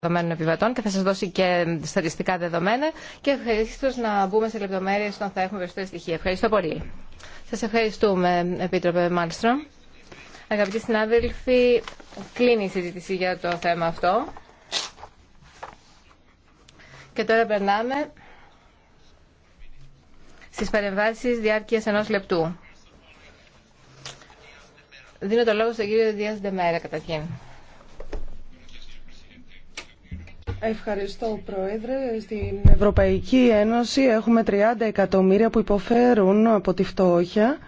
δεδομένων επιβατών και θα σας δώσει και στατιστικά δεδομένα και ευχαριστώ να μπούμε σε λεπτομέρειες όταν θα έχουμε περισσότερα στοιχεία. Ευχαριστώ πολύ. Σας ευχαριστούμε, Επίτροπε Μάλστρο. Αγαπητοί συνάδελφοι, κλείνει η συζήτηση για το θέμα αυτό. Και τώρα περνάμε στις παρεμβάσεις διάρκεια ενός λεπτού. Δίνω το λόγο στον κύριο Δίας Ντεμέρα καταρχήν. Ευχαριστώ, Πρόεδρε. Στην Ευρωπαϊκή Ένωση έχουμε 30 εκατομμύρια που υποφέρουν από τη φτώχεια.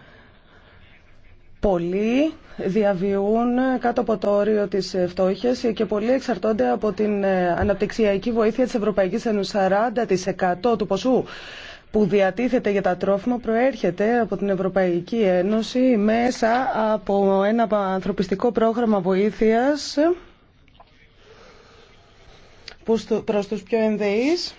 Πολλοί διαβιούν κάτω από το όριο της φτώχειας και πολλοί εξαρτώνται από την αναπτυξιακή βοήθεια της Ευρωπαϊκής Ένωσης. 40% του ποσού που διατίθεται για τα τρόφιμα προέρχεται από την Ευρωπαϊκή Ένωση μέσα από ένα ανθρωπιστικό πρόγραμμα βοήθειας προς τους πιο ενδεείς.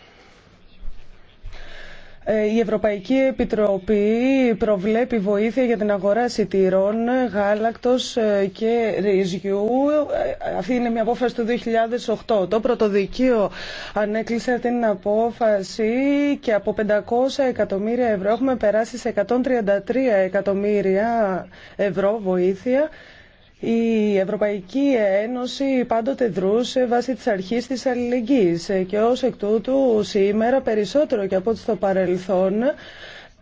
Ε, η Ευρωπαϊκή Επιτροπή προβλέπει βοήθεια για την αγορά σιτήρων, γάλακτος ε, και ρυζιού. Ε, αυτή είναι μια απόφαση του 2008. Το πρωτοδικείο ανέκλεισε αυτή την απόφαση και από 500 εκατομμύρια ευρώ έχουμε περάσει σε 133 εκατομμύρια ευρώ βοήθεια. Η Ευρωπαϊκή Ένωση πάντοτε δρούσε βάσει της αρχής της αλληλεγγύης και ως εκ τούτου σήμερα περισσότερο και από ό,τι στο παρελθόν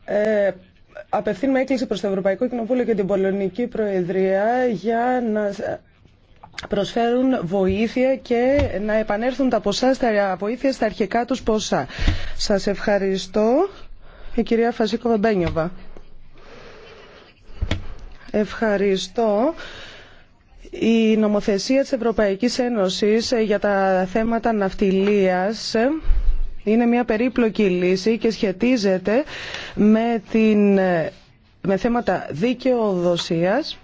ε, απευθύνουμε έκκληση προς το Ευρωπαϊκό Κοινοβούλιο και την Πολωνική Προεδρία για να προσφέρουν βοήθεια και να επανέλθουν τα ποσά στα βοήθεια στα αρχικά τους ποσά. Σας ευχαριστώ. Η κυρία Φασίκο Ευχαριστώ. Η νομοθεσία της Ευρωπαϊκής Ένωσης ε, για τα θέματα ναυτιλίας ε, είναι μια περίπλοκη λύση και σχετίζεται με, την, ε, με θέματα δικαιοδοσίας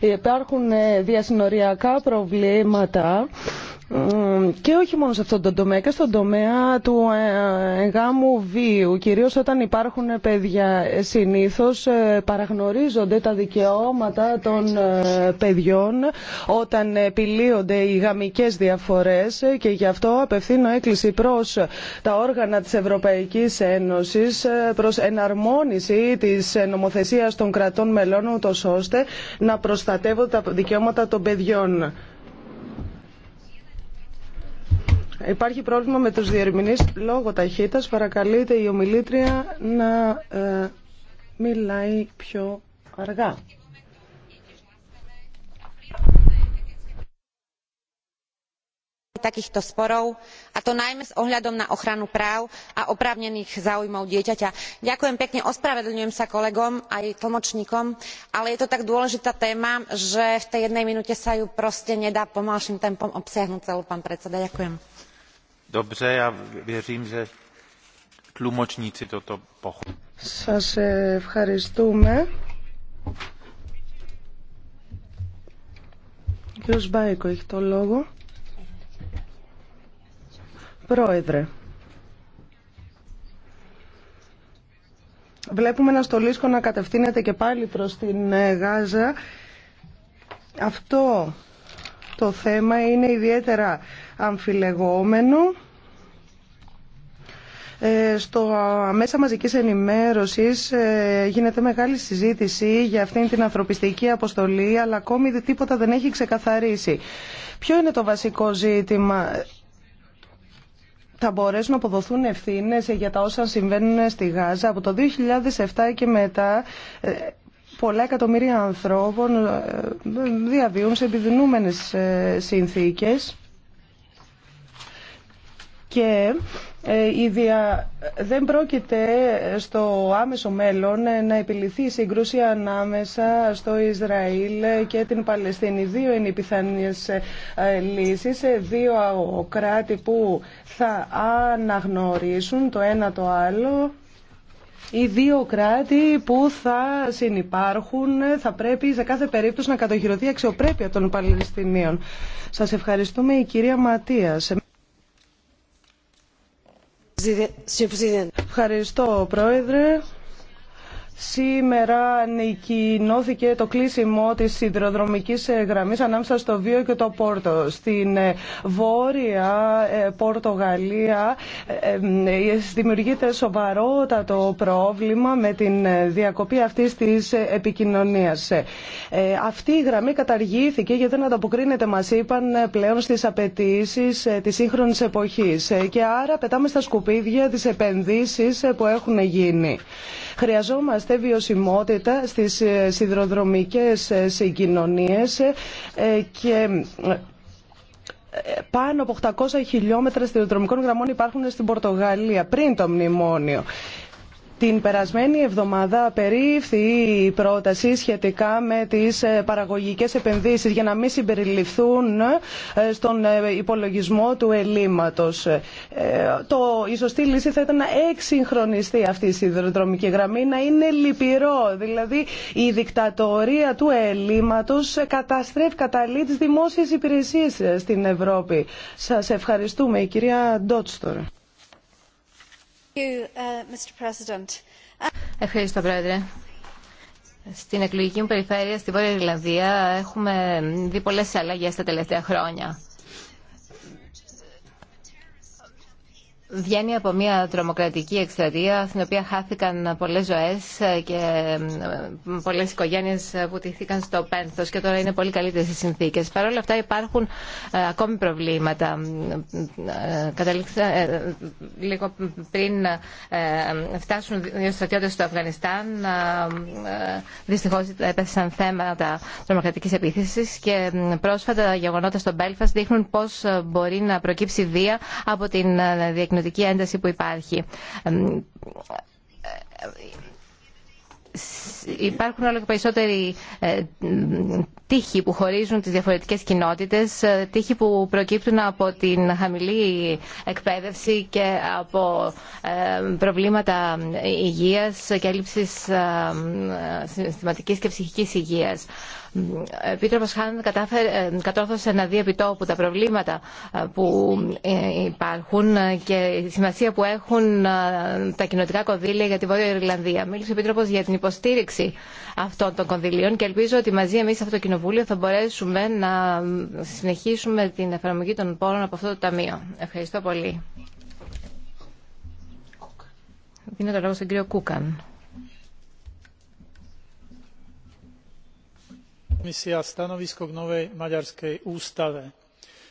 Υπάρχουν διασυνοριακά προβλήματα και όχι μόνο σε αυτόν τον τομέα, και στον τομέα του ε, γάμου βίου. Κυρίως όταν υπάρχουν παιδιά ε, συνήθως ε, παραγνωρίζονται τα δικαιώματα των παιδιών όταν επιλύονται οι γαμικές διαφορές και γι' αυτό απευθύνω έκκληση προς τα όργανα της Ευρωπαϊκής Ένωσης προς εναρμόνιση της νομοθεσίας των κρατών μελών ούτως ώστε να προστατεύονται τα δικαιώματα των παιδιών. Υπάρχει πρόβλημα με τους διερμηνείς λόγω ταχύτητας. Παρακαλείται η ομιλήτρια να ε, μιλάει πιο αργά. takýchto sporov a to najmä s ohľadom na ochranu práv a oprávnených záujmov dieťaťa. ďakujem pekne ospravedlňujem sa kolegom aj tlmočníkom ale je to tak dôležitá téma že v tej jednej minúte sa ju proste nedá pomalším tempom obsiahnuť celú pán predseda. ďakujem. Σας ευχαριστούμε. Ο κύριος Μπάικο έχει το λόγο. Πρόεδρε. Βλέπουμε ένα στολίσκο να κατευθύνεται και πάλι προς την ε, Γάζα. Αυτό το θέμα είναι ιδιαίτερα αμφιλεγόμενο ε, στο μέσα μαζικής ενημέρωσης ε, γίνεται μεγάλη συζήτηση για αυτήν την ανθρωπιστική αποστολή αλλά ακόμη τίποτα δεν έχει ξεκαθαρίσει. Ποιο είναι το βασικό ζήτημα θα μπορέσουν να αποδοθούν ευθύνες για τα όσα συμβαίνουν στη Γάζα. Από το 2007 και μετά ε, πολλά εκατομμύρια ανθρώπων ε, διαβίουν σε επιδεινούμενες ε, συνθήκες και ε, η δεν πρόκειται στο άμεσο μέλλον να επιληθεί η σύγκρουση ανάμεσα στο Ισραήλ και την Παλαιστίνη. Δύο είναι οι πιθανές λύσεις, δύο κράτη που θα αναγνωρίσουν το ένα το άλλο οι δύο κράτη που θα συνυπάρχουν θα πρέπει σε κάθε περίπτωση να κατοχυρωθεί η αξιοπρέπεια των Παλαιστινίων. Σας ευχαριστούμε η κυρία Ματία. Ευχαριστώ Πρόεδρε. Σήμερα ανακοινώθηκε το κλείσιμο της σιδηροδρομικής ε, γραμμής ανάμεσα στο Βίο και το Πόρτο. Στην ε, βόρεια ε, Πορτογαλία δημιουργείται σοβαρότατο πρόβλημα με την διακοπή αυτής της επικοινωνίας. Αυτή η γραμμή καταργήθηκε γιατί δεν ανταποκρίνεται, μας είπαν, πλέον στις απαιτήσει της σύγχρονης εποχής. Και άρα πετάμε στα σκουπίδια τις επενδύσεις που έχουν γίνει. Χρειαζόμαστε βιωσιμότητα στις ε, σιδηροδρομικές ε, συγκοινωνίες ε, και πάνω από 800 χιλιόμετρα σιδηροδρομικών γραμμών υπάρχουν στην Πορτογαλία πριν το μνημόνιο. Την περασμένη εβδομάδα περίφθη η πρόταση σχετικά με τις ε, παραγωγικές επενδύσεις για να μην συμπεριληφθούν ε, στον ε, υπολογισμό του ελλείμματος. Το, η σωστή λύση θα ήταν να εξυγχρονιστεί αυτή η σιδηροδρομική γραμμή, να είναι λυπηρό. Δηλαδή η δικτατορία του ελλείμματος καταστρέφει, καταλύει τις δημόσιες υπηρεσίες στην Ευρώπη. Σας ευχαριστούμε. Η κυρία Ντότστορ. Uh, Ευχαριστώ, Πρόεδρε. Στην εκλογική μου περιφέρεια, στη Βόρεια Ιρλανδία, έχουμε δει πολλές αλλαγές τα τελευταία χρόνια. βγαίνει από μια τρομοκρατική εκστρατεία στην οποία χάθηκαν πολλές ζωές και πολλές οικογένειες που τυχθήκαν στο πένθος και τώρα είναι πολύ καλύτερες οι συνθήκες. Παρ' όλα αυτά υπάρχουν ε, ακόμη προβλήματα. Ε, Καταλήξα ε, λίγο πριν φτάσουν οι στρατιώτες στο Αφγανιστάν δυστυχώς έπεσαν θέματα τρομοκρατικής επίθεσης και πρόσφατα γεγονότα στο Μπέλφας δείχνουν πώς μπορεί να προκύψει βία από την διακοινωνία υπνοτική ένταση που υπάρχει υπάρχουν όλο και περισσότεροι ε, τύχοι που χωρίζουν τις διαφορετικές κοινότητες, ε, τύχοι που προκύπτουν από την χαμηλή εκπαίδευση και από ε, προβλήματα υγείας και έλλειψης συστηματικής και ψυχικής υγείας. Ε, Επίτροπος Χάν ε, κατόρθωσε να δει επιτόπου τα προβλήματα ε, που υπάρχουν και η σημασία που έχουν τα κοινοτικά κονδύλια για τη Βόρεια Ιρλανδία. Μίλησε ο Επίτροπος για την υποστήριξη αυτών των κονδυλίων και ελπίζω ότι μαζί εμείς αυτό το Κοινοβούλιο θα μπορέσουμε να συνεχίσουμε την εφαρμογή των πόρων από αυτό το Ταμείο. Ευχαριστώ πολύ. Δίνω το λόγο στον κύριο Κούκαν. komisia stanovisko k novej maďarskej ústave.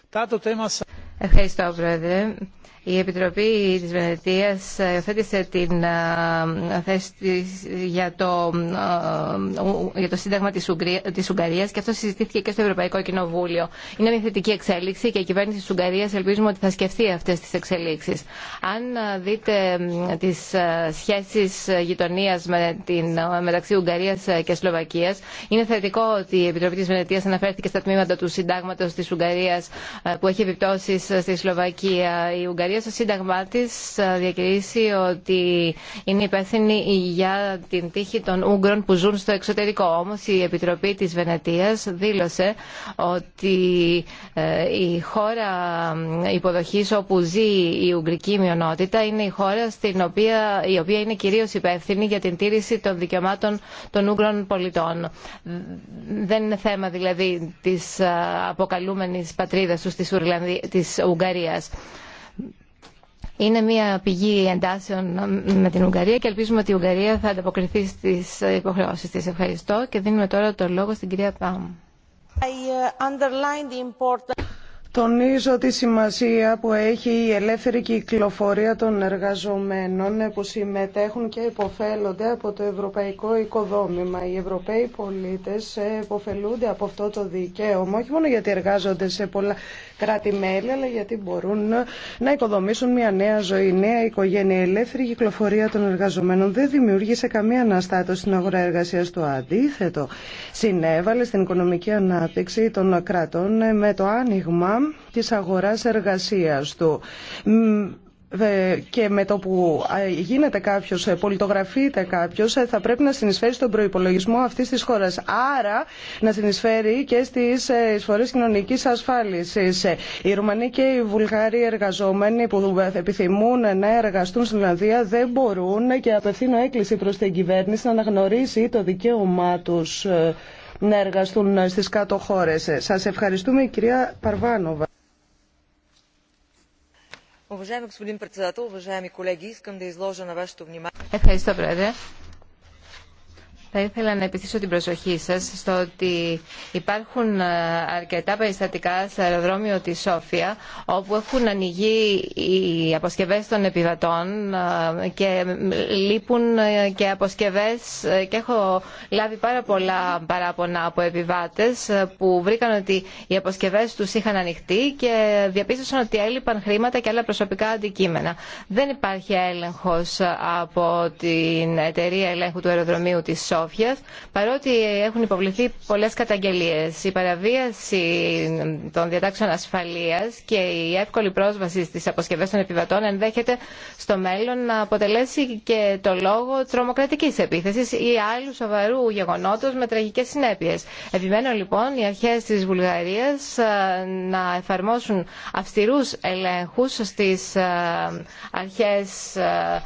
táto téma sa Ευχαριστώ, Πρόεδρε. Η Επιτροπή της Βενετίας υιοθέτησε την ε, θέση για το, ε, για το Σύνταγμα της, Ουγγαρίας και αυτό συζητήθηκε και στο Ευρωπαϊκό Κοινοβούλιο. Είναι μια θετική εξέλιξη και η κυβέρνηση της Ουγγαρίας ελπίζουμε ότι θα σκεφτεί αυτές τις εξελίξεις. Αν δείτε τις ε, σχέσεις γειτονίας με μεταξύ Ουγγαρίας και Σλοβακίας, είναι θετικό ότι η Επιτροπή της Βενετίας αναφέρθηκε στα τμήματα του συντάγματο της Ουγγαρία που έχει επιπτώσεις στη Σλοβακία. Η Ουγγαρία στο Σύνταγμά τη διακηρύσει ότι είναι υπεύθυνη για την τύχη των Ούγγρων που ζουν στο εξωτερικό. Όμω η Επιτροπή τη Βενετία δήλωσε ότι ε, η χώρα υποδοχή όπου ζει η Ουγγρική μειονότητα είναι η χώρα στην οποία, η οποία είναι κυρίω υπεύθυνη για την τήρηση των δικαιωμάτων των Ούγγρων πολιτών. Δεν είναι θέμα δηλαδή τη ε, αποκαλούμενη πατρίδα του τη Ουγγαρίας. Είναι μια πηγή εντάσεων με την Ουγγαρία και ελπίζουμε ότι η Ουγγαρία θα ανταποκριθεί στις υποχρεώσεις της. Ευχαριστώ και δίνουμε τώρα το λόγο στην κυρία Πάμ. Uh, Τονίζω τη σημασία που έχει η ελεύθερη κυκλοφορία των εργαζομένων που συμμετέχουν και υποφέλονται από το ευρωπαϊκό οικοδόμημα. Οι ευρωπαίοι πολίτες υποφελούνται από αυτό το δικαίωμα, όχι μόνο γιατί εργάζονται σε πολλά κράτη-μέλη, αλλά γιατί μπορούν να οικοδομήσουν μια νέα ζωή, νέα οικογένεια. Η ελεύθερη κυκλοφορία των εργαζομένων δεν δημιούργησε καμία αναστάτωση στην αγορά εργασία του. Αντίθετο, συνέβαλε στην οικονομική ανάπτυξη των κρατών με το άνοιγμα της αγοράς εργασίας του ε, και με το που ε, γίνεται κάποιος, ε, πολιτογραφείται κάποιος, θα πρέπει να συνεισφέρει στον προϋπολογισμό αυτής της χώρας. Άρα να συνεισφέρει και στις εισφορές κοινωνικής ασφάλισης. Οι Ρουμανοί και οι Βουλγάροι εργαζόμενοι που επιθυμούν να εργαστούν στην Ολλανδία δεν μπορούν και απευθύνω έκκληση προς την κυβέρνηση να αναγνωρίσει το δικαίωμά τους να εργαστούν στις κάτω χώρες. Σας ευχαριστούμε κυρία Παρβάνοβα. Ευχαριστώ, Πρόεδρε. Θα ήθελα να επιστήσω την προσοχή σας στο ότι υπάρχουν ε, αρκετά περιστατικά στο αεροδρόμιο της Σόφια όπου έχουν ανοιγεί οι αποσκευές των επιβατών ε, και λείπουν ε, και αποσκευές και έχω λάβει πάρα πολλά παράπονα από επιβάτες που βρήκαν ότι οι αποσκευές τους είχαν ανοιχτεί και διαπίστωσαν ότι έλειπαν χρήματα και άλλα προσωπικά αντικείμενα. Δεν υπάρχει έλεγχος από την εταιρεία ελέγχου του αεροδρομίου της Σόφια παρότι έχουν υποβληθεί πολλές καταγγελίες. Η παραβίαση των διατάξεων ασφαλείας και η εύκολη πρόσβαση στις αποσκευές των επιβατών ενδέχεται στο μέλλον να αποτελέσει και το λόγο τρομοκρατικής επίθεσης ή άλλου σοβαρού γεγονότος με τραγικές συνέπειες. Επιμένω λοιπόν οι αρχές της Βουλγαρίας ε, να εφαρμόσουν αυστηρούς ελέγχους στις ε, αρχές ε,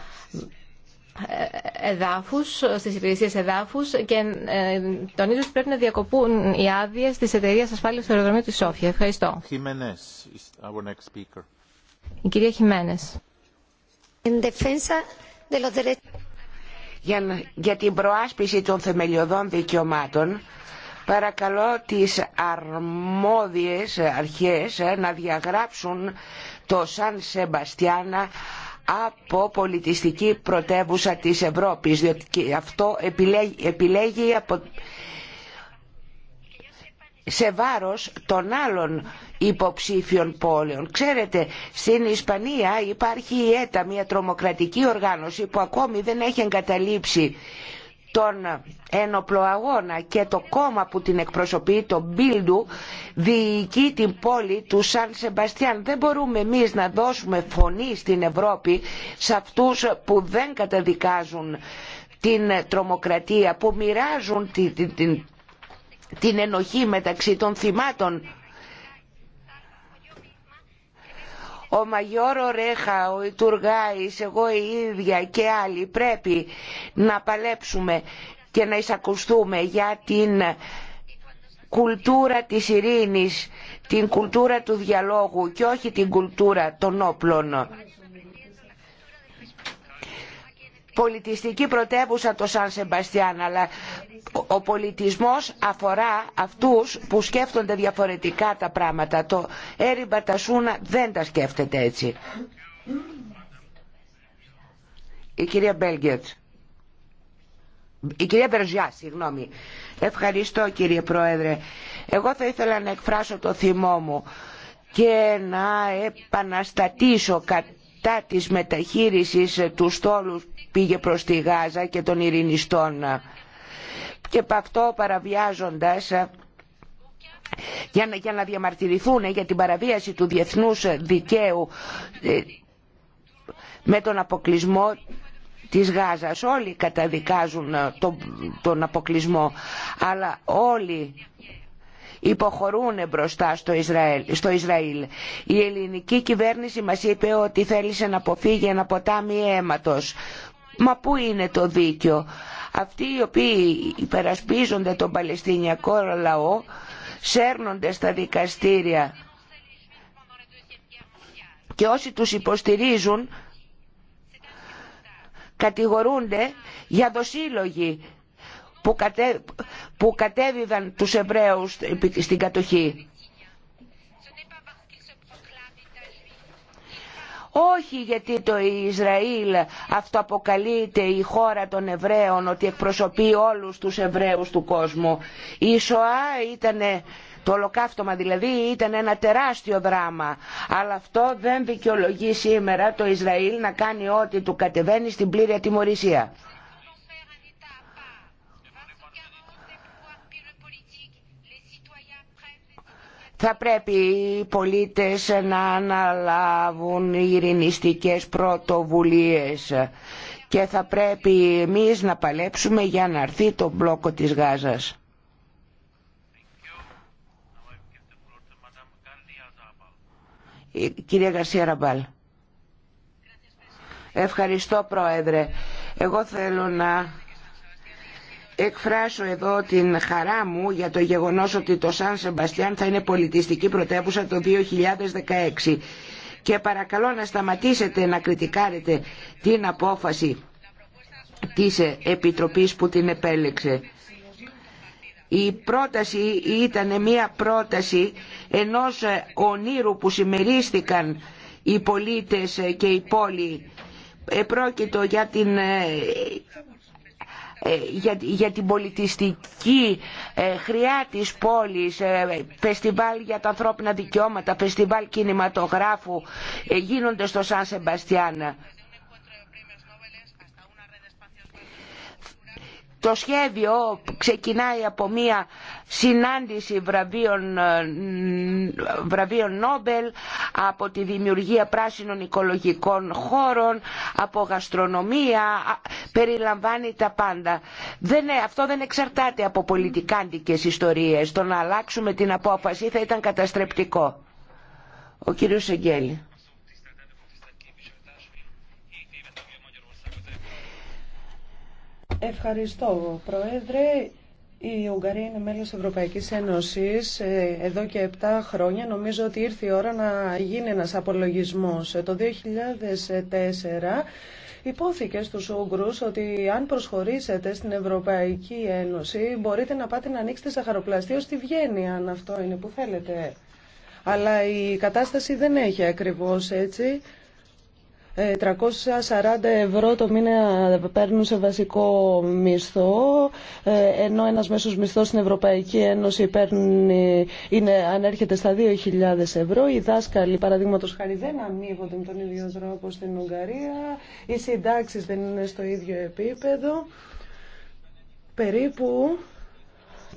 εδάφους, στις υπηρεσίες εδάφους και ε, τονίζω ότι πρέπει να διακοπούν οι άδειες της εταιρείας ασφάλειας του αεροδρομίου της Σόφια. Ευχαριστώ. Η κυρία Χιμένες. Για, για την προάσπιση των θεμελιωδών δικαιωμάτων παρακαλώ τις αρμόδιες αρχές ε, να διαγράψουν το Σαν Σεμπαστιάνα από πολιτιστική πρωτεύουσα της Ευρώπης, διότι αυτό επιλέγει, επιλέγει από... σε βάρος των άλλων υποψήφιων πόλεων. Ξέρετε, στην Ισπανία υπάρχει η ΕΤΑ, μια τρομοκρατική οργάνωση που ακόμη δεν έχει εγκαταλείψει τον ένοπλο αγώνα και το κόμμα που την εκπροσωπεί, το Μπίλντου, διοικεί την πόλη του Σαν Σεμπαστιάν. Δεν μπορούμε εμείς να δώσουμε φωνή στην Ευρώπη σε αυτούς που δεν καταδικάζουν την τρομοκρατία, που μοιράζουν την, την ενοχή μεταξύ των θυμάτων ο Μαγιόρο Ρέχα, ο Ιτουργάης, εγώ η ίδια και άλλοι πρέπει να παλέψουμε και να εισακουστούμε για την κουλτούρα της ειρήνης, την κουλτούρα του διαλόγου και όχι την κουλτούρα των όπλων. Πολιτιστική πρωτεύουσα το Σαν Σεμπαστιάν, αλλά ο πολιτισμός αφορά αυτούς που σκέφτονται διαφορετικά τα πράγματα. Το Έρι Μπατασούνα δεν τα σκέφτεται έτσι. Η κυρία Μπέλγκετ. Η κυρία Μπερζιά, συγγνώμη. Ευχαριστώ κύριε Πρόεδρε. Εγώ θα ήθελα να εκφράσω το θυμό μου και να επαναστατήσω κατά της μεταχείρισης του στόλου πήγε προς τη Γάζα και των ειρηνιστών και αυτό παραβιάζοντας ε, για να, για να διαμαρτυρηθούν για την παραβίαση του διεθνούς δικαίου ε, με τον αποκλεισμό της Γάζας. Όλοι καταδικάζουν ε, τον, τον αποκλεισμό, αλλά όλοι υποχωρούν μπροστά στο Ισραήλ, στο Ισραήλ. Η ελληνική κυβέρνηση μας είπε ότι θέλησε να αποφύγει ένα ποτάμι αίματος. Μα πού είναι το δίκιο αυτοί οι οποίοι υπερασπίζονται τον Παλαιστινιακό λαό σέρνονται στα δικαστήρια και όσοι τους υποστηρίζουν κατηγορούνται για δοσύλλογοι που, κατέ, που κατέβηδαν τους Εβραίους στην κατοχή. όχι γιατί το Ισραήλ αυτοαποκαλείται η χώρα των Εβραίων ότι εκπροσωπεί όλους τους Εβραίους του κόσμου. Η Σοά ήταν το ολοκαύτωμα δηλαδή ήταν ένα τεράστιο δράμα αλλά αυτό δεν δικαιολογεί σήμερα το Ισραήλ να κάνει ό,τι του κατεβαίνει στην πλήρη ατιμορρησία. θα πρέπει οι πολίτες να αναλάβουν ειρηνιστικές πρωτοβουλίες και θα πρέπει εμείς να παλέψουμε για να αρθεί το μπλόκο της Γάζας. Ε, κυρία Γαρσία Ραμπάλ. Ευχαριστώ Πρόεδρε. Εγώ θέλω να εκφράσω εδώ την χαρά μου για το γεγονός ότι το Σαν Σεμπαστιάν θα είναι πολιτιστική πρωτεύουσα το 2016 και παρακαλώ να σταματήσετε να κριτικάρετε την απόφαση της Επιτροπής που την επέλεξε. Η πρόταση ήταν μια πρόταση ενός ονείρου που συμμερίστηκαν οι πολίτες και οι πόλοι. Επρόκειτο για την ε, ε, για την πολιτιστική ε, χρειά της πόλης, ε, φεστιβάλ για τα ανθρώπινα δικαιώματα, φεστιβάλ κινηματογράφου γίνονται στο Σαν Σεμπαστιάν. Το σχέδιο ξεκινάει από μία συνάντηση βραβείων, ε, βραβείων Νόμπελ, από τη δημιουργία πράσινων οικολογικών χώρων, από γαστρονομία, περιλαμβάνει τα πάντα. Δεν, ε, αυτό δεν εξαρτάται από πολιτικάντικες ιστορίες. Το να αλλάξουμε την απόφαση θα ήταν καταστρεπτικό. Ο κύριος Εγγέλη. Ευχαριστώ, Πρόεδρε. Η Ουγγαρία είναι μέλος Ευρωπαϊκής Ένωσης ε, εδώ και 7 χρόνια. Νομίζω ότι ήρθε η ώρα να γίνει ένας απολογισμός. Ε, το 2004 υπόθηκε στους Ούγγρους ότι αν προσχωρήσετε στην Ευρωπαϊκή Ένωση μπορείτε να πάτε να ανοίξετε σαχαροπλαστείο στη Βιέννη αν αυτό είναι που θέλετε. Αλλά η κατάσταση δεν έχει ακριβώς έτσι. 340 ευρώ το μήνα παίρνουν σε βασικό μισθό, ε, ενώ ένας μέσος μισθός στην Ευρωπαϊκή Ένωση παίρνει, είναι, ανέρχεται στα 2.000 ευρώ. Οι δάσκαλοι, παραδείγματο χάρη, δεν αμείβονται με τον ίδιο τρόπο στην Ουγγαρία. Οι συντάξει δεν είναι στο ίδιο επίπεδο. Περίπου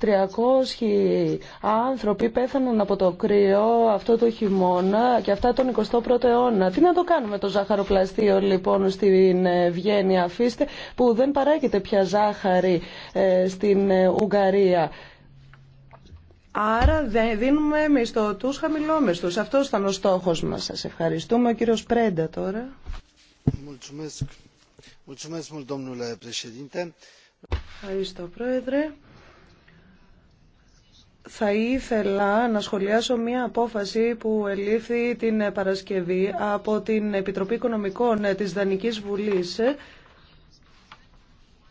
300 άνθρωποι πέθαναν από το κρύο αυτό το χειμώνα και αυτά τον 21ο αιώνα. Τι να το κάνουμε το ζάχαροπλαστείο λοιπόν στην ε, Βιέννη αφήστε που δεν παράγεται πια ζάχαρη ε, στην ε, Ουγγαρία. Άρα δίνουμε μισθωτούς χαμηλόμεστος. Αυτός ήταν ο στόχος μας. Σας ευχαριστούμε. Ο κύριος Πρέντα τώρα. Ευχαριστώ Πρόεδρε θα ήθελα να σχολιάσω μία απόφαση που ελήφθη την Παρασκευή από την Επιτροπή Οικονομικών της Δανικής Βουλής.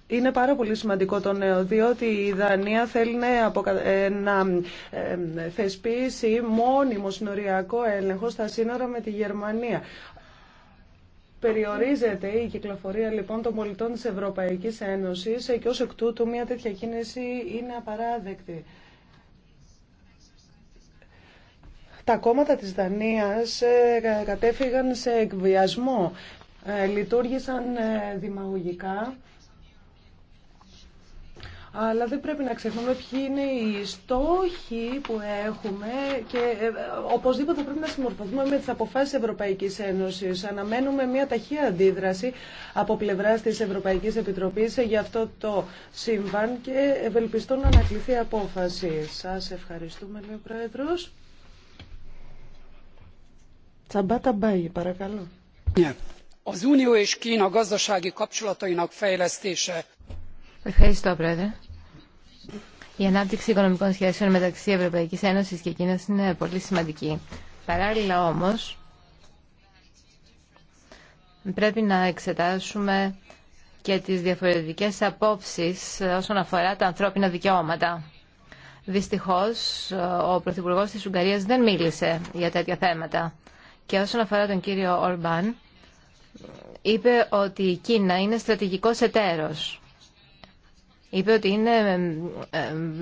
Είναι πάρα πολύ σημαντικό το νέο, διότι η Δανία θέλει να ε, ε, θεσπίσει μόνιμο συνοριακό έλεγχο στα σύνορα με τη Γερμανία. Περιορίζεται η κυκλοφορία λοιπόν των πολιτών της Ευρωπαϊκής Ένωσης και ως εκ τούτου μια τέτοια κίνηση είναι απαράδεκτη. Τα κόμματα της Δανίας ε, κατέφυγαν σε εκβιασμό. Ε, λειτουργήσαν ε, δημαγωγικά. Αλλά δεν πρέπει να ξεχνούμε ποιοι είναι οι στόχοι που έχουμε και οπωσδήποτε πρέπει να συμμορφωθούμε με τις αποφάσεις Ευρωπαϊκής Ένωσης. Αναμένουμε μια ταχεία αντίδραση από πλευράς της Ευρωπαϊκής Επιτροπής για αυτό το σύμβαν και ευελπιστώ να ανακληθεί απόφαση. Σας ευχαριστούμε, λέει ο Τσαμπάτα παρακαλώ. Ναι. Ευχαριστώ, Πρόεδρε. Η ανάπτυξη οικονομικών σχέσεων μεταξύ Ευρωπαϊκή Ένωση και Κίνα είναι πολύ σημαντική. Παράλληλα όμω, πρέπει να εξετάσουμε και τι διαφορετικέ απόψει όσον αφορά τα ανθρώπινα δικαιώματα. Δυστυχώ, ο Πρωθυπουργό τη Ουγγαρία δεν μίλησε για τέτοια θέματα. Και όσον αφορά τον κύριο Ορμπάν, είπε ότι η Κίνα είναι στρατηγικός εταίρος. Είπε ότι είναι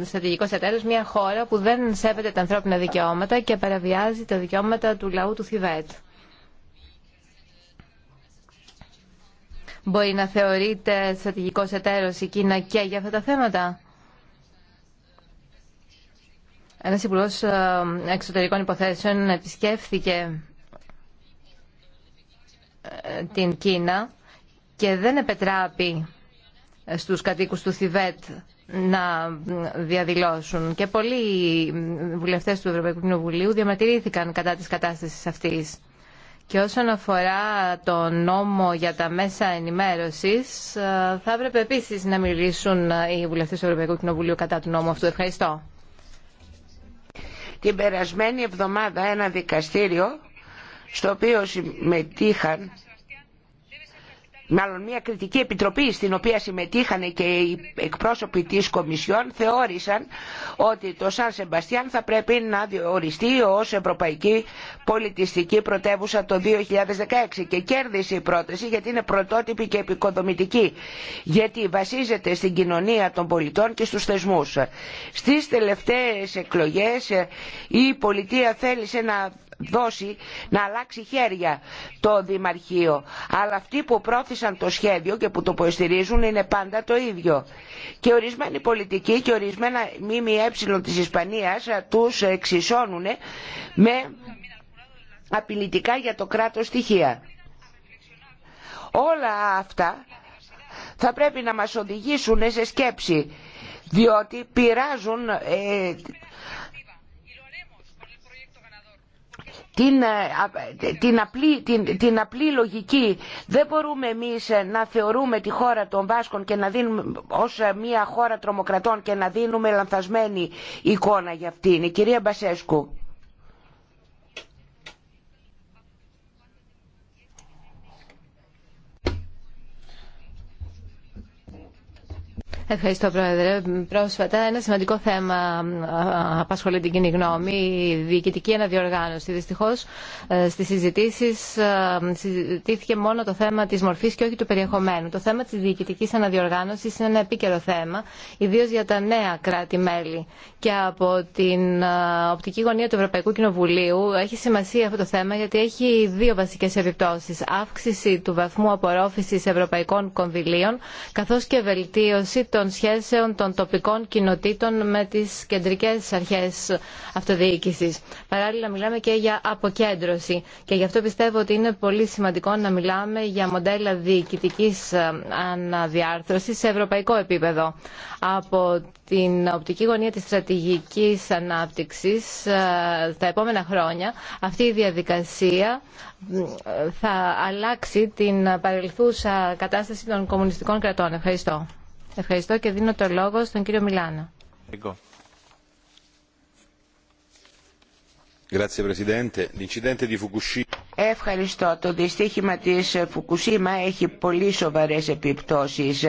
στρατηγικός εταίρος μια χώρα που δεν σέβεται τα ανθρώπινα δικαιώματα και παραβιάζει τα δικαιώματα του λαού του Θιβέτ. Μπορεί να θεωρείται στρατηγικός εταίρος η Κίνα και για αυτά τα θέματα. Ένας υπουργός εξωτερικών υποθέσεων επισκέφθηκε την Κίνα και δεν επετράπει στους κατοίκους του Θιβέτ να διαδηλώσουν. Και πολλοί βουλευτές του Ευρωπαϊκού Κοινοβουλίου διαμαρτυρήθηκαν κατά της κατάστασης αυτής. Και όσον αφορά το νόμο για τα μέσα ενημέρωσης, θα έπρεπε επίσης να μιλήσουν οι βουλευτές του Ευρωπαϊκού Κοινοβουλίου κατά του νόμου αυτού. Ευχαριστώ. Την περασμένη εβδομάδα ένα δικαστήριο στο οποίο συμμετείχαν μάλλον μια κριτική επιτροπή στην οποία συμμετείχαν και οι εκπρόσωποι της Κομισιόν θεώρησαν ότι το Σαν Σεμπαστιάν θα πρέπει να διοριστεί ως Ευρωπαϊκή Πολιτιστική Πρωτεύουσα το 2016 και κέρδισε η πρόταση γιατί είναι πρωτότυπη και επικοδομητική γιατί βασίζεται στην κοινωνία των πολιτών και στους θεσμούς. Στις τελευταίες εκλογές η πολιτεία θέλησε να δώσει να αλλάξει χέρια το Δημαρχείο. Αλλά αυτοί που πρόθεσαν το σχέδιο και που το υποστηρίζουν είναι πάντα το ίδιο. Και ορισμένοι πολιτικοί και ορισμένα ΜΜΕ της Ισπανίας τους εξισώνουν με απειλητικά για το κράτος στοιχεία. Όλα αυτά θα πρέπει να μας οδηγήσουν σε σκέψη διότι πειράζουν ε, την, ε, την, απλή, την, την απλή λογική. Δεν μπορούμε εμείς ε, να θεωρούμε τη χώρα των Βάσκων και να δίνουμε, ως ε, μια χώρα τρομοκρατών και να δίνουμε λανθασμένη εικόνα για αυτήν. Η κυρία Μπασέσκου. Ευχαριστώ, Πρόεδρε. Πρόσφατα, ένα σημαντικό θέμα ε, απασχολεί την κοινή γνώμη, η διοικητική αναδιοργάνωση. Δυστυχώ, ε, στι συζητήσει ε, συζητήθηκε μόνο το θέμα τη μορφή και όχι του περιεχομένου. Το θέμα τη διοικητική αναδιοργάνωση είναι ένα επίκαιρο θέμα, ιδίω για τα νέα κράτη-μέλη. Και από την οπτική γωνία του Ευρωπαϊκού Κοινοβουλίου έχει σημασία αυτό το θέμα, γιατί έχει δύο βασικέ επιπτώσει. Αύξηση του βαθμού απορρόφηση ευρωπαϊκών κονδυλίων, καθώ και βελτίωση των σχέσεων των τοπικών κοινοτήτων με τις κεντρικές αρχές αυτοδιοίκησης. Παράλληλα μιλάμε και για αποκέντρωση και γι' αυτό πιστεύω ότι είναι πολύ σημαντικό να μιλάμε για μοντέλα διοικητικής ε, αναδιάρθρωσης σε ευρωπαϊκό επίπεδο. Από την οπτική γωνία της στρατηγικής ανάπτυξης ε, τα επόμενα χρόνια αυτή η διαδικασία ε, θα αλλάξει την παρελθούσα κατάσταση των κομμουνιστικών κρατών. Ευχαριστώ. Ευχαριστώ και δίνω το λόγο στον κύριο Μιλάνο. Ευχαριστώ. Το δυστύχημα της Φουκουσίμα έχει πολύ σοβαρές επιπτώσεις.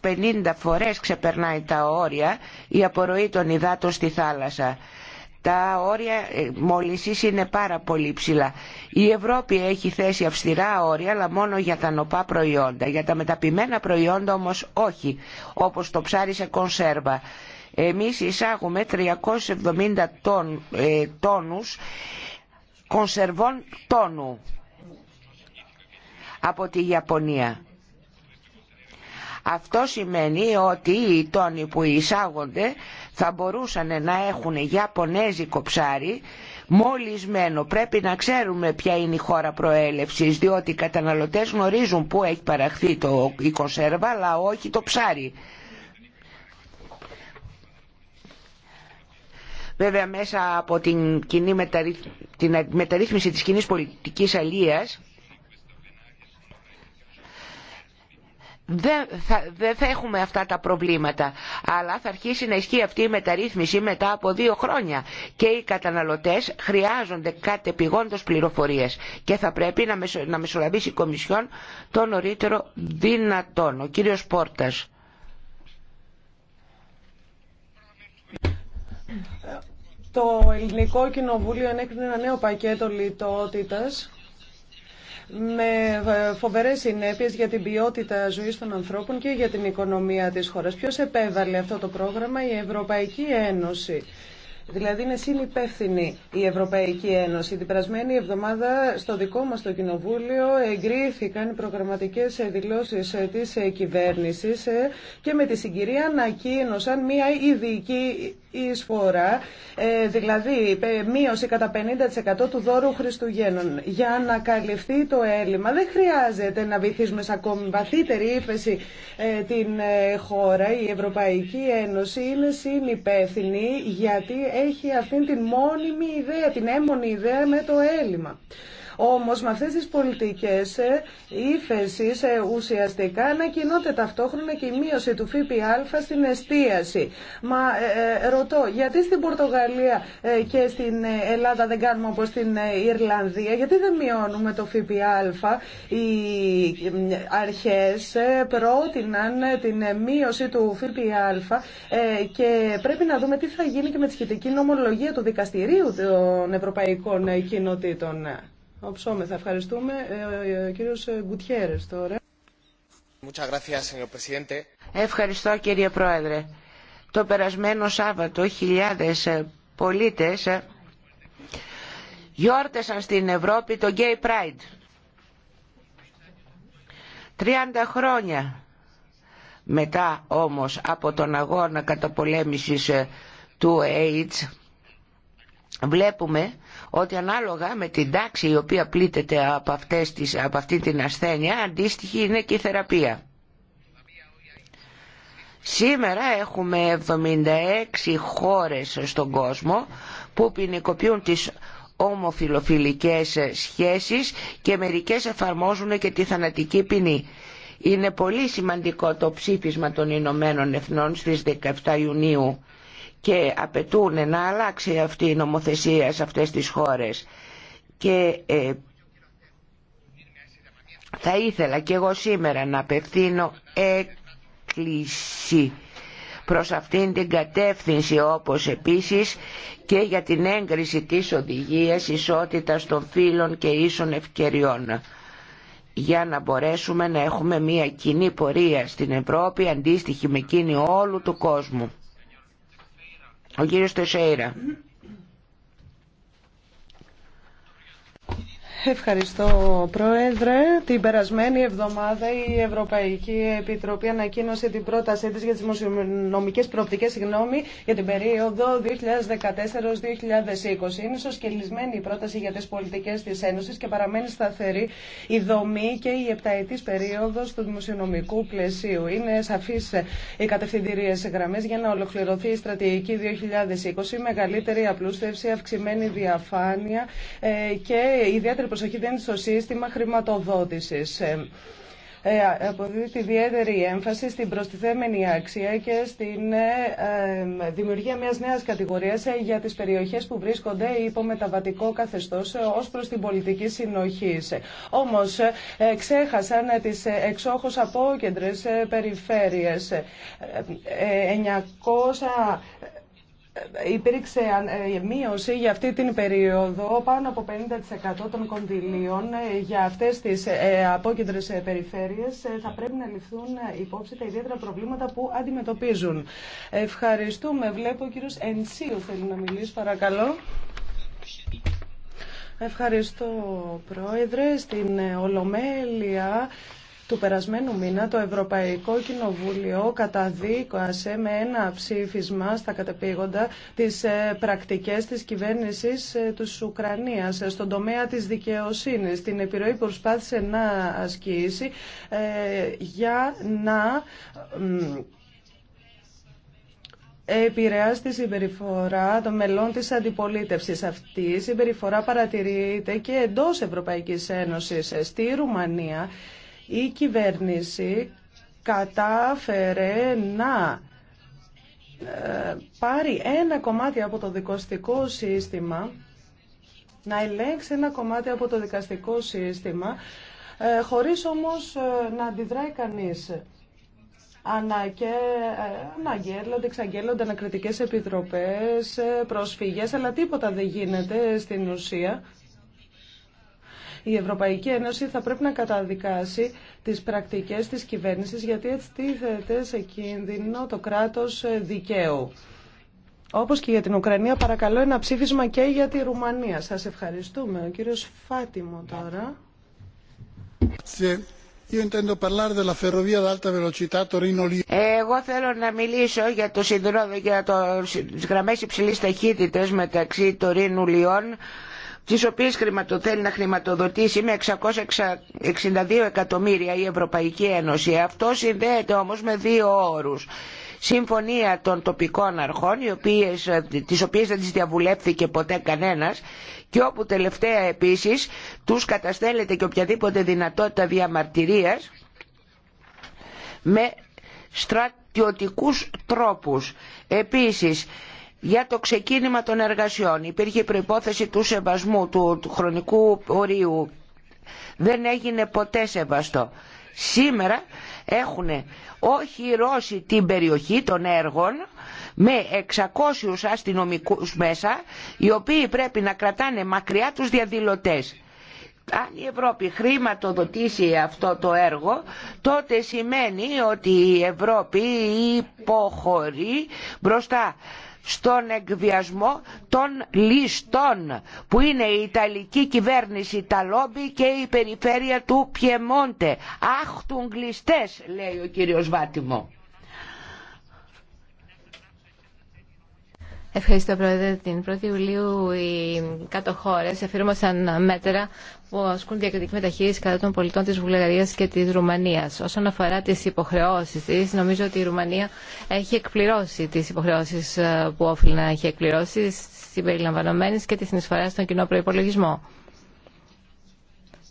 650 φορές ξεπερνάει τα όρια η απορροή των υδάτων στη θάλασσα. Τα όρια ε, μόλυσης είναι πάρα πολύ ψηλά. Η Ευρώπη έχει θέσει αυστηρά όρια, αλλά μόνο για τα νοπά προϊόντα. Για τα μεταπημένα προϊόντα όμως όχι, όπως το ψάρι σε κονσέρβα. Εμείς εισάγουμε 370 ε, τόνους κονσερβών τόνου από τη Ιαπωνία. Αυτό σημαίνει ότι οι τόνοι που εισάγονται θα μπορούσαν να έχουν Ιαπωνέζικο ψάρι μολυσμένο. Πρέπει να ξέρουμε ποια είναι η χώρα προέλευσης διότι οι καταναλωτές γνωρίζουν πού έχει παραχθεί το, η κονσέρβα αλλά όχι το ψάρι. Βέβαια μέσα από την, κοινή μεταρρύθμιση, την της κοινή πολιτικής αλίας δεν θα, έχουμε αυτά τα προβλήματα αλλά θα αρχίσει να ισχύει αυτή η μεταρρύθμιση μετά από δύο χρόνια και οι καταναλωτές χρειάζονται κατεπηγόντως πληροφορίες και θα πρέπει να, μεσο, να μεσολαβήσει η Κομισιόν το νωρίτερο δυνατόν. Ο κύριος Πόρτας. Το Ελληνικό Κοινοβούλιο ανέκρινε ένα νέο πακέτο λιτότητας με ε, φοβερές συνέπειες για την ποιότητα ζωής των ανθρώπων και για την οικονομία της χώρας. Ποιος επέβαλε αυτό το πρόγραμμα, η Ευρωπαϊκή Ένωση. Δηλαδή είναι συνυπεύθυνη η Ευρωπαϊκή Ένωση. Την περασμένη εβδομάδα στο δικό μας το Κοινοβούλιο εγκρίθηκαν οι προγραμματικές δηλώσεις ε, της ε, κυβέρνησης και με τη συγκυρία ανακοίνωσαν μια ειδική εισφορά, ε, δηλαδή μείωση κατά 50% του δώρου Χριστουγέννων. Για να καλυφθεί το έλλειμμα δεν χρειάζεται να βυθίσουμε σε ακόμη βαθύτερη ύφεση ε, την ε, χώρα. Η Ευρωπαϊκή Ένωση είναι συνυπεύθυνη γιατί έχει αυτήν την μόνιμη ιδέα, την έμονη ιδέα με το έλλειμμα. Όμως με αυτές τις πολιτικές ε, ύφεση ε, ουσιαστικά ανακοινώται ταυτόχρονα και η μείωση του ΦΠΑ στην εστίαση. Μα ε, ρωτώ, γιατί στην Πορτογαλία και στην Ελλάδα δεν κάνουμε όπως στην Ιρλανδία, γιατί δεν μειώνουμε το ΦΠΑ. Οι αρχές πρότειναν την μείωση του ΦΠΑ και πρέπει να δούμε τι θα γίνει και με τη σχετική νομολογία του Δικαστηρίου των Ευρωπαϊκών Κοινοτήτων. Θα Ευχαριστούμε. Ο ε, ε, ε, κύριος Γκουτιέρες τώρα. Ευχαριστώ κύριε Πρόεδρε. Το περασμένο Σάββατο χιλιάδες πολίτες γιόρτασαν στην Ευρώπη το Gay Pride. Τριάντα χρόνια μετά όμως από τον αγώνα καταπολέμησης του AIDS βλέπουμε ότι ανάλογα με την τάξη η οποία πλήττεται από, αυτές τις, από αυτή την ασθένεια αντίστοιχη είναι και η θεραπεία. Σήμερα έχουμε 76 χώρες στον κόσμο που ποινικοποιούν τις ομοφιλοφιλικές σχέσεις και μερικές εφαρμόζουν και τη θανατική ποινή. Είναι πολύ σημαντικό το ψήφισμα των Ηνωμένων Εθνών στις 17 Ιουνίου και απαιτούν να αλλάξει αυτή η νομοθεσία σε αυτές τις χώρες. Και ε, θα ήθελα και εγώ σήμερα να απευθύνω έκκληση προς αυτήν την κατεύθυνση όπως επίσης και για την έγκριση της οδηγίας ισότητας των φύλων και ίσων ευκαιριών για να μπορέσουμε να έχουμε μια κοινή πορεία στην Ευρώπη αντίστοιχη με εκείνη όλου του κόσμου. Ο κύριος Τεσέιρα. Ευχαριστώ Πρόεδρε. Την περασμένη εβδομάδα η Ευρωπαϊκή Επιτροπή ανακοίνωσε την πρότασή της για τις δημοσιονομικές προοπτικές γνώμη για την περίοδο 2014-2020. Είναι σοσκελισμένη η πρόταση για τις πολιτικές της Ένωσης και παραμένει σταθερή η δομή και η επταετής περίοδος του δημοσιονομικού πλαισίου. Είναι σαφείς οι κατευθυντηρίες γραμμές για να ολοκληρωθεί η στρατηγική 2020, μεγαλύτερη απλούστευση, αυξημένη διαφάνεια ε, και ιδιαίτερη προσοχή δίνει στο σύστημα χρηματοδότησης. Ε, ε τη ιδιαίτερη έμφαση στην προστιθέμενη αξία και στην ε, ε, δημιουργία μιας νέας κατηγορίας για τις περιοχές που βρίσκονται υπό μεταβατικό καθεστώς ως προς την πολιτική συνοχή. Όμως ε, ξέχασαν τις εξόχως απόκεντρες περιφέρειες. 900 υπήρξε ε, μείωση για αυτή την περίοδο πάνω από 50% των κονδυλίων ε, για αυτές τις ε, απόκεντρες περιφέρειες θα πρέπει να ληφθούν υπόψη τα ιδιαίτερα προβλήματα που αντιμετωπίζουν. Ευχαριστούμε. Βλέπω ο κύριος Ενσίου θέλει να μιλήσει. Παρακαλώ. Ευχαριστώ Πρόεδρε. Στην Ολομέλεια του περασμένου μήνα το Ευρωπαϊκό Κοινοβούλιο καταδίκασε με ένα ψήφισμα στα κατεπήγοντα τις ε, πρακτικές της κυβέρνησης ε, της Ουκρανίας στον τομέα της δικαιοσύνης, την επιρροή που προσπάθησε να ασκήσει ε, για να επηρεάσει τη συμπεριφορά των μελών της αντιπολίτευσης. Αυτή η συμπεριφορά παρατηρείται και εντός Ευρωπαϊκής Ένωσης στη Ρουμανία η κυβέρνηση κατάφερε να ε, πάρει ένα κομμάτι από το δικοστικό σύστημα, να ελέγξει ένα κομμάτι από το δικαστικό σύστημα, ε, χωρίς όμως ε, να αντιδράει κανείς. Ανακέ, αναγγέλλονται, εξαγγέλλονται ανακριτικές επιτροπές, προσφυγές, αλλά τίποτα δεν γίνεται στην ουσία η Ευρωπαϊκή Ένωση θα πρέπει να καταδικάσει τις πρακτικές της κυβέρνησης γιατί έτσι τίθεται σε κίνδυνο το κράτος ε, δικαίου. Όπως και για την Ουκρανία, παρακαλώ ένα ψήφισμα και για τη Ρουμανία. Σας ευχαριστούμε. Ο κύριος Φάτιμο τώρα. Εγώ θέλω να μιλήσω για το συνδρόμο, για το, τις γραμμές υψηλής μεταξύ Τωρίνου Λιών τις οποίες θέλει να χρηματοδοτήσει με 662 εκατομμύρια η Ευρωπαϊκή Ένωση. Αυτό συνδέεται όμως με δύο όρους. Συμφωνία των τοπικών αρχών, οι οποίες, τις οποίες δεν τις διαβουλεύθηκε ποτέ κανένας και όπου τελευταία επίσης τους καταστέλλεται και οποιαδήποτε δυνατότητα διαμαρτυρίας με στρατιωτικούς τρόπους. Επίσης, για το ξεκίνημα των εργασιών. Υπήρχε προϋπόθεση του σεβασμού, του, χρονικού ορίου. Δεν έγινε ποτέ σεβαστό. Σήμερα έχουν οχυρώσει την περιοχή των έργων με 600 αστυνομικούς μέσα, οι οποίοι πρέπει να κρατάνε μακριά τους διαδηλωτές. Αν η Ευρώπη χρηματοδοτήσει αυτό το έργο, τότε σημαίνει ότι η Ευρώπη υποχωρεί μπροστά στον εκβιασμό των ληστών που είναι η Ιταλική κυβέρνηση, τα λόμπι και η περιφέρεια του Πιεμόντε. Αχ, του λέει ο κύριος Βάτιμο. Ευχαριστώ, Πρόεδρε. Την 1η Ιουλίου οι κάτω χώρε εφήρμοσαν μέτρα που ασκούν διακριτική μεταχείριση κατά των πολιτών τη Βουλγαρίας και τη Ρουμανίας. Όσον αφορά τι υποχρεώσει τη, νομίζω ότι η Ρουμανία έχει εκπληρώσει τι υποχρεώσει ε, που όφιλε να έχει εκπληρώσει, συμπεριλαμβανομένη και τη συνεισφορά στον κοινό προπολογισμό.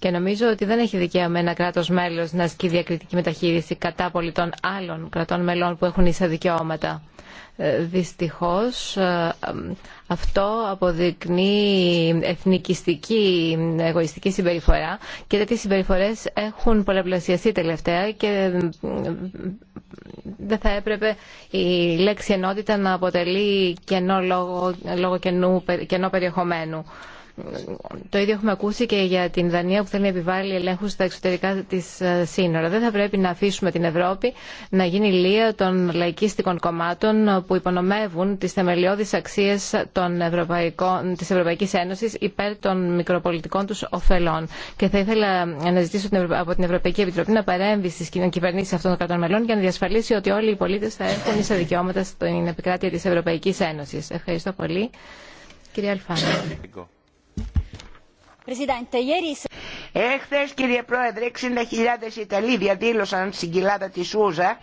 Και νομίζω ότι δεν έχει δικαίωμα ένα κράτος μέλος να ασκεί διακριτική μεταχείριση κατά πολιτών άλλων κρατών μελών που έχουν ίσα δικαιώματα. Ε, δυστυχώς ε, αυτό αποδεικνύει εθνικιστική, εγωιστική συμπεριφορά και τέτοιε συμπεριφορές έχουν πολλαπλασιαστεί τελευταία και δεν θα έπρεπε η λέξη ενότητα να αποτελεί κενό λόγο, κενό περιεχομένου το ίδιο έχουμε ακούσει και για την Δανία που θέλει να επιβάλλει ελέγχου στα εξωτερικά τη ε, σύνορα. Δεν θα πρέπει να αφήσουμε την Ευρώπη να γίνει λία των λαϊκίστικων κομμάτων που υπονομεύουν τι θεμελιώδει αξίε τη Ευρωπαϊκή Ένωση υπέρ των μικροπολιτικών του ωφελών. Και θα ήθελα να ζητήσω από την Ευρωπαϊκή Επιτροπή να παρέμβει στι κυβερνήσει αυτών των κρατών μελών για να διασφαλίσει ότι όλοι οι πολίτε θα έχουν ίσα δικαιώματα στην επικράτεια τη Ευρωπαϊκή Ένωση. Ευχαριστώ πολύ. Κυρία Αλφάνη. Έχθες κύριε Πρόεδρε 60.000 Ιταλοί διαδήλωσαν στην κοιλάδα της Σούζα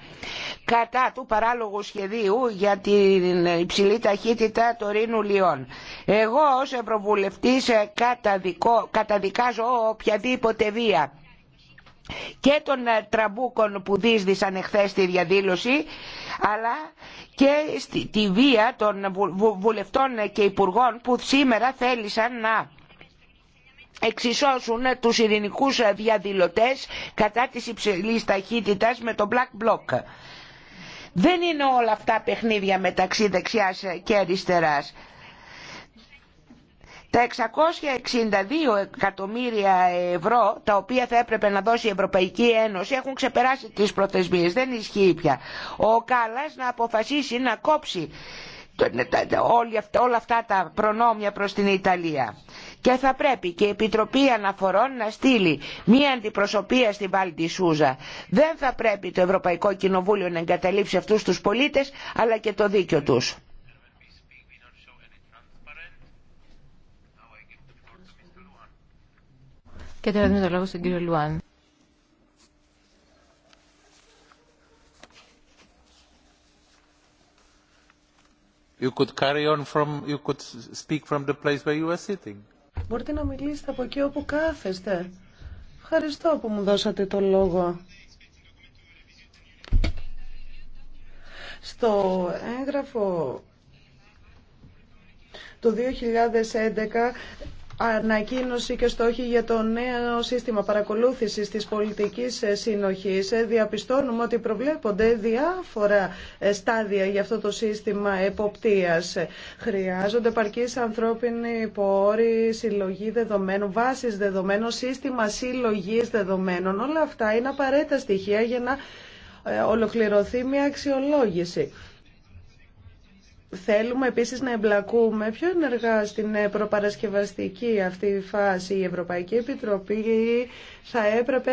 κατά του παράλογου σχεδίου για την υψηλή ταχύτητα Ρήνου Λιών. Εγώ ως Ευρωβουλευτής καταδικάζω οποιαδήποτε βία και των ε, τραμπούκων που δίσδυσαν εχθές τη διαδήλωση αλλά και τη βία των βουλευτών και υπουργών που σήμερα θέλησαν να εξισώσουν τους ειρηνικούς διαδηλωτές κατά της υψηλής ταχύτητας με το Black block. Δεν είναι όλα αυτά παιχνίδια μεταξύ δεξιάς και αριστεράς τα 662 εκατομμύρια ευρώ τα οποία θα έπρεπε να δώσει η Ευρωπαϊκή Ένωση έχουν ξεπεράσει τις προθεσμίες, δεν ισχύει πια. Ο Κάλλας να αποφασίσει να κόψει όλα αυτά τα προνόμια προς την Ιταλία. Και θα πρέπει και η Επιτροπή Αναφορών να στείλει μία αντιπροσωπεία στη Βάλτη Σούζα. Δεν θα πρέπει το Ευρωπαϊκό Κοινοβούλιο να εγκαταλείψει αυτούς τους πολίτες αλλά και το δίκιο τους. Και τώρα δίνω το λόγο στον κύριο Λουάν. You could carry on from, you could speak from the place where you sitting. Μπορείτε να μιλήσετε από εκεί όπου κάθεστε. Ευχαριστώ που μου δώσατε το λόγο. Στο έγγραφο το 2011 ανακοίνωση και στόχοι για το νέο σύστημα παρακολούθησης της πολιτικής συνοχής. Διαπιστώνουμε ότι προβλέπονται διάφορα στάδια για αυτό το σύστημα εποπτείας. Χρειάζονται παρκείς ανθρώπινοι πόροι, συλλογή δεδομένων, βάσεις δεδομένων, σύστημα συλλογής δεδομένων. Όλα αυτά είναι απαραίτητα στοιχεία για να ε, ολοκληρωθεί μια αξιολόγηση. Θέλουμε επίσης να εμπλακούμε πιο ενεργά στην προπαρασκευαστική αυτή φάση. Η Ευρωπαϊκή Επιτροπή θα έπρεπε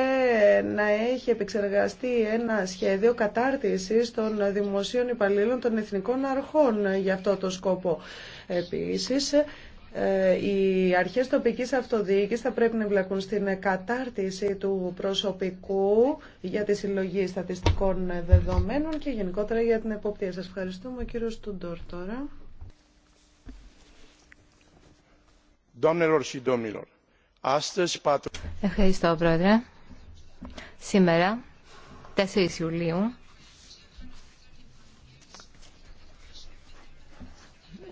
να έχει επεξεργαστεί ένα σχέδιο κατάρτισης των δημοσίων υπαλλήλων των εθνικών αρχών για αυτό το σκόπο. Επίσης, ε, οι αρχές τοπικής αυτοδιοίκησης θα πρέπει να εμπλακούν στην κατάρτιση του προσωπικού για τη συλλογή στατιστικών δεδομένων και γενικότερα για την εποπτεία. Σας ευχαριστούμε, κύριο Στούντορ τώρα. Ευχαριστώ, Πρόεδρε. Σήμερα, 4 Ιουλίου,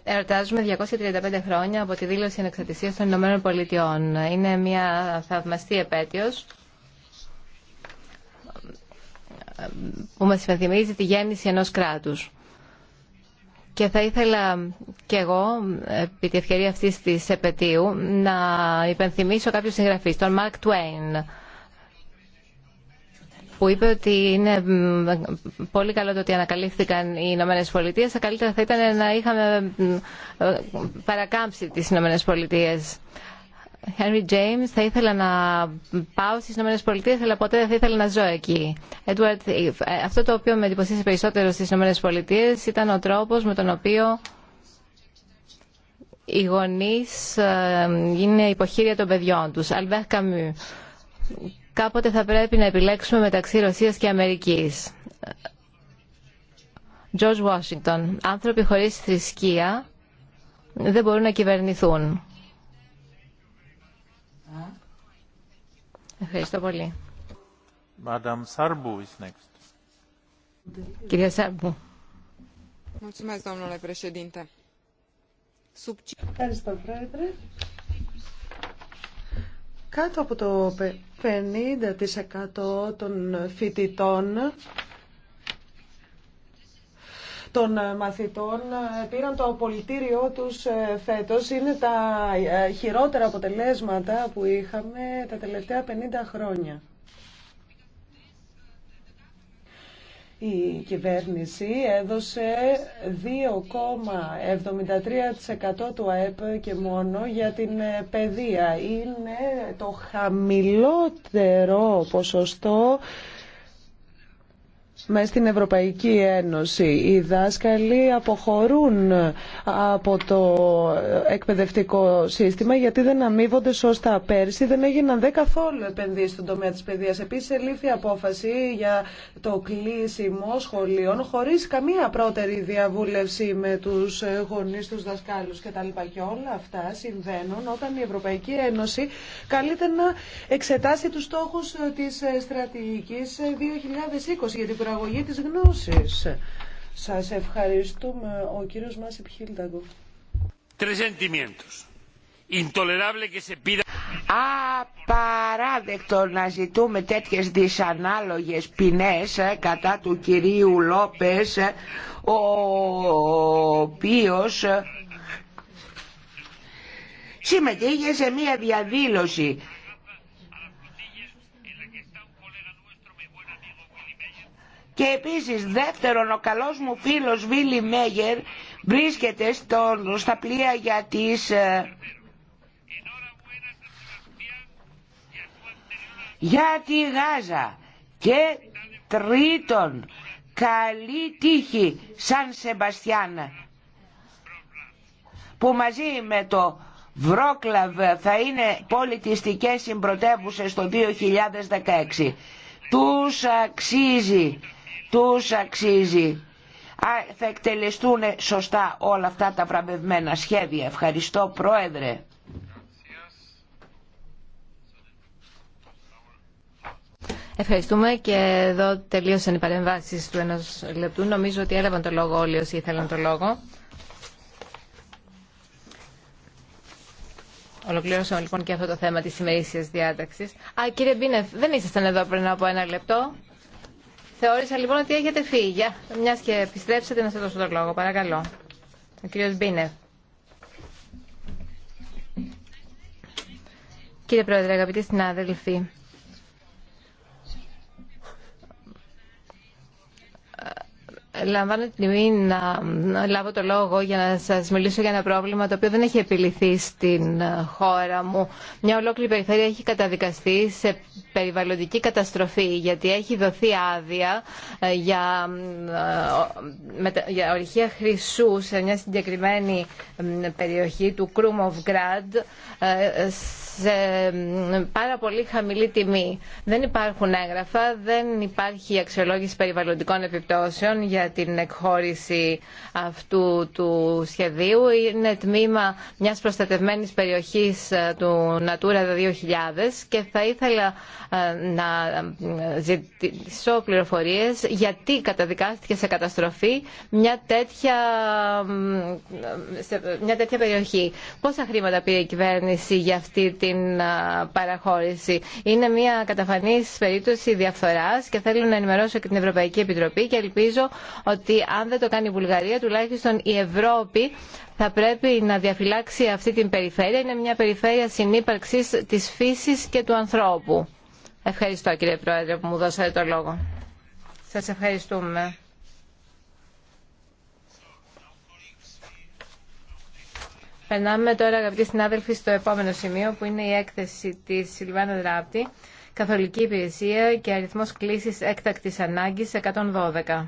Εορτάζουμε 235 χρόνια από τη δήλωση ανεξαρτησία των Ηνωμένων Πολιτειών. Είναι μια θαυμαστή επέτειος που μας υπενθυμίζει τη γέννηση ενός κράτους. Και θα ήθελα κι εγώ, επί τη ευκαιρία αυτής της επαιτίου, να υπενθυμίσω κάποιους συγγραφείς, τον Μαρκ Τουέιν, που είπε ότι είναι πολύ καλό το ότι ανακαλύφθηκαν οι Ηνωμένε Πολιτείε. Καλύτερα θα ήταν να είχαμε ε, παρακάμψει τι Ηνωμένε Πολιτείε. Henry James, θα ήθελα να πάω στι Ηνωμένε Πολιτείε, αλλά ποτέ δεν θα ήθελα να ζω εκεί. Edward ε, Αυτό το οποίο με εντυπωσίασε περισσότερο στι Ηνωμένε Πολιτείε ήταν ο τρόπο με τον οποίο οι γονεί ε, είναι υποχείρια των παιδιών του κάποτε θα πρέπει να επιλέξουμε μεταξύ Ρωσίας και Αμερικής. George Washington. Άνθρωποι χωρίς θρησκεία δεν μπορούν να κυβερνηθούν. Ευχαριστώ πολύ. Is next. Κυρία Σάρμπου. Ευχαριστώ, Πρόεδρε. Κάτω από το 50% των φοιτητών των ε, μαθητών ε, πήραν το απολυτήριό τους ε, φέτος. Είναι τα χειρότερα αποτελέσματα που είχαμε τα τελευταία 50 χρόνια. η κυβέρνηση έδωσε 2,73% του ΑΕΠ και μόνο για την ε, παιδεία. Είναι το χαμηλότερο ποσοστό με στην Ευρωπαϊκή Ένωση. Οι δάσκαλοι αποχωρούν από το εκπαιδευτικό σύστημα γιατί δεν αμείβονται σωστά. Πέρσι δεν έγιναν δε καθόλου επενδύσεις στον τομέα της παιδείας. Επίσης ελήφθη απόφαση για το κλείσιμο σχολείων χωρίς καμία πρώτερη διαβούλευση με τους γονείς, τους δασκάλους κτλ. Και όλα αυτά συμβαίνουν όταν η Ευρωπαϊκή Ένωση καλείται να εξετάσει τους στόχους της στρατηγικής 2020 παραγωγή της γνώσης. Σας ευχαριστούμε. Ο κύριος Μάσιπ Χίλταγκοφ. Τρεις εντυμιέντους. Intolerable que se pida απαράδεκτο να ζητούμε τέτοιες δυσανάλογες ποινές ε, κατά του κυρίου Λόπες ε, ο οποίος ε, συμμετείχε σε μία διαδήλωση Και επίσης δεύτερον ο καλός μου φίλος Βίλι Μέγερ βρίσκεται στο, στα πλοία για τις... Ε, για τη Γάζα και τρίτον καλή τύχη σαν Σεμπαστιάν που μαζί με το Βρόκλαβ θα είναι πολιτιστικές συμπρωτεύουσες το 2016. Τους αξίζει τους αξίζει. Θα εκτελεστούν σωστά όλα αυτά τα βραβευμένα σχέδια. Ευχαριστώ Πρόεδρε. Ευχαριστούμε και εδώ τελείωσαν οι παρεμβάσει του ενό λεπτού. Νομίζω ότι έλαβαν το λόγο όλοι όσοι ήθελαν το λόγο. Ολοκλήρωσαμε λοιπόν και αυτό το θέμα της ημερήσιας διάταξης. Α, κύριε Μπίνεφ, δεν ήσασταν εδώ πριν από ένα λεπτό. Θεώρησα λοιπόν ότι έχετε φύγει. Για, μιας και επιστρέψετε να σας δώσω τον λόγο. Παρακαλώ. Ο κύριος Μπίνευ. Κύριε Πρόεδρε, αγαπητοί συνάδελφοι, Λαμβάνω την τιμή να λάβω το λόγο για να σας μιλήσω για ένα πρόβλημα το οποίο δεν έχει επιληθεί στην χώρα μου. Μια ολόκληρη περιφέρεια έχει καταδικαστεί σε περιβαλλοντική καταστροφή γιατί έχει δοθεί άδεια ε, για, ε, για ορυχεία χρυσού σε μια συγκεκριμένη περιοχή του Κρούμοβ ε, πάρα πολύ χαμηλή τιμή. Δεν υπάρχουν έγγραφα, δεν υπάρχει αξιολόγηση περιβαλλοντικών επιπτώσεων για την εκχώρηση αυτού του σχεδίου. Είναι τμήμα μιας προστατευμένης περιοχής ε, του Natura 2000 και θα ήθελα ε, να ζητήσω πληροφορίες γιατί καταδικάστηκε σε καταστροφή μια τέτοια, μια τέτοια περιοχή. Πόσα χρήματα πήρε η κυβέρνηση για αυτή την παραχώρηση. Είναι μια καταφανής περίπτωση διαφθοράς και θέλω να ενημερώσω και την Ευρωπαϊκή Επιτροπή και ελπίζω ότι αν δεν το κάνει η Βουλγαρία, τουλάχιστον η Ευρώπη θα πρέπει να διαφυλάξει αυτή την περιφέρεια. Είναι μια περιφέρεια συνύπαρξη της φύσης και του ανθρώπου. Ευχαριστώ κύριε Πρόεδρε που μου δώσατε το λόγο. Σας ευχαριστούμε. Περνάμε τώρα, αγαπητοί συνάδελφοι, στο επόμενο σημείο που είναι η έκθεση τη Σιλβάνα Δράπτη, Καθολική Υπηρεσία και αριθμό κλήση έκτακτη ανάγκη 112.